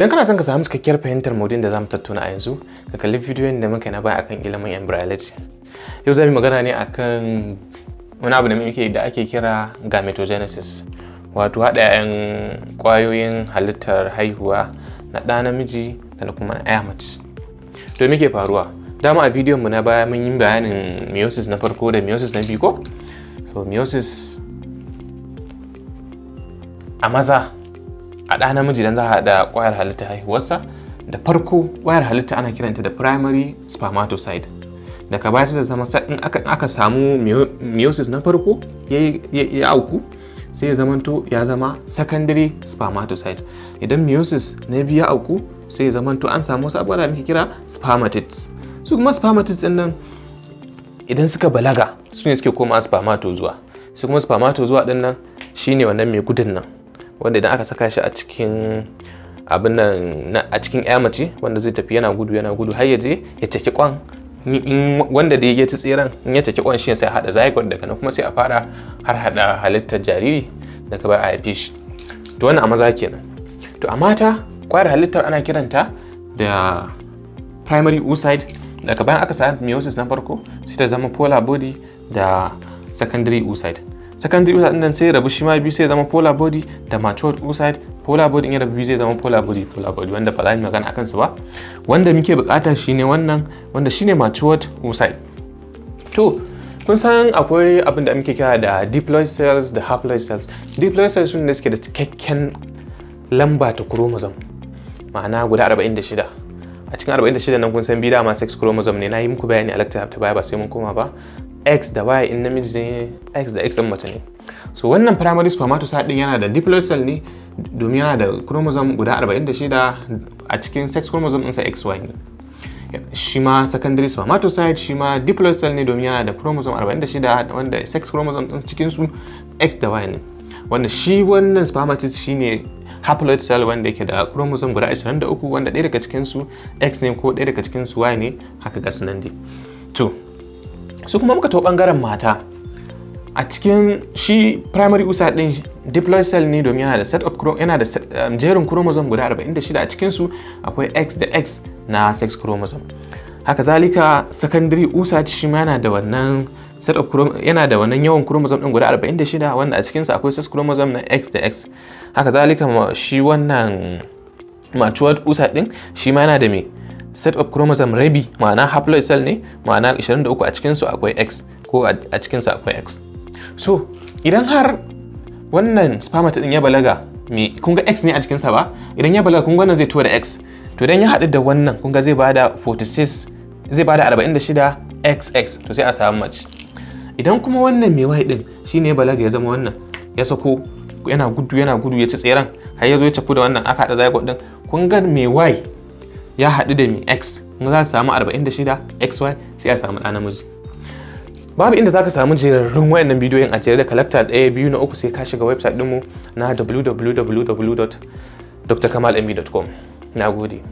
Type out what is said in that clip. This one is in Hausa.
Idan kana son ka samu cikakkiyar fahimtar modin da zamu tattauna a yanzu, ka kalli bidiyon da muka yi na baya akan ilimin embryology. Yau zamu magana ne akan wani abu da muke da ake kira gametogenesis, wato haɗa ƴaƴan ƙwayoyin halittar haihuwa na ɗa namiji da kuma ɗaya mace. To me faruwa? Dama a bidiyon mu na baya mun yi bayanin meiosis na farko da meiosis na biyu ko? So meiosis a maza a ɗa namiji idan za a haɗa ƙwayar halitta haihuwarsa da farko ƙwayar halitta ana kiranta da primary spermatocyte daga baya da zama in aka samu meiosis na farko ya auku sai ya zamanto ya zama secondary spermatocyte idan meiosis na biyu ya auku sai ya zamanto an samu wasu abubuwa da muke kira spermatids su kuma spermatids din nan idan suka balaga su ne suke koma spermatozoa su kuma spermatozoa din nan shine wannan mai gudun nan wanda idan aka saka shi a cikin abin nan a cikin ya mace wanda zai tafi yana gudu yana gudu har ya je ya ceki kwan wanda da ya ci tseren in ya caki kwan shi sai hada zygote daga nan kuma sai a fara har hada halittar jariri daga baya a haife shi to wannan a maza kenan to a mata kwayar halittar ana kiranta da primary oocyte daga bayan aka sa meiosis na farko sai ta zama polar body da secondary oocyte secondary oocyte din sai rabu shi ma biyu sai zama polar body da matured oocyte polar body in ya rabu biyu zai zama polar body polar body wanda ba za mu magana akan su ba wanda muke bukata shine wannan wanda shine matured oocyte to kun san akwai abin da muke kira da diploid cells da haploid cells diploid cells sun da suke da cikakken lamba ta chromosome ma'ana guda 46 a cikin 46 nan kun san biyu dama sex chromosome ne na yi muku bayani a lecture ta baya ba sai mun koma ba x da y in namiji ne x da x din mace ne so wannan primary spermatocyte din yana da diploid cell ne domin yana da chromosome guda 46 a cikin sex chromosome ɗinsa xy ne shi ma secondary spermatocyte shi ma diploid cell ne domin yana da chromosome 46 wanda sex chromosome ɗin cikin su x da y ne wanda shi wannan shi ne haploid cell wanda yake da chromosome guda 23 wanda ɗaya daga cikin su x ne ko ɗaya daga cikin su y ne haka ga sunan dai to su kuma muka taɓa ɓangaren mata a cikin shi primary usa ɗin diploid cell ne domin yana da set of yana da um, jerin chromosome guda 46 a cikin su akwai x da x na sex chromosome haka zalika secondary usa shi ma yana da wannan set of yana da wannan yawan chromosome ɗin guda 46 wanda a cikin su akwai sex chromosome na x da x haka zalika shi wannan matured usa ɗin shi ma yana da me set of chromosome rabi ma'ana haploid cell ne ma'ana 23 a cikinsu akwai x ko a cikinsu akwai x so idan har wannan spermatid din ya balaga me kun ga x ne a cikinsa ba idan ya balaga kun ga wannan zai tuwa da x to idan ya haɗu da wannan kun ga zai bada 46 zai bada 46 xx to sai a samu mace idan kuma wannan mai y din shine ya balaga ya zama wannan ya sako yana gudu yana gudu ya ci tseren har ya zo ya cafu da wannan aka haɗa zygote din kun ga mai y ya haɗu da mi x kuma za su samu 46 xy sai a samu ɗa namiji babu inda za ka samu jerarrun wayannan bidiyoyin a jere da kalakta ɗaya biyu na uku sai ka shiga website ɗinmu na www.drkamalmi.com na gode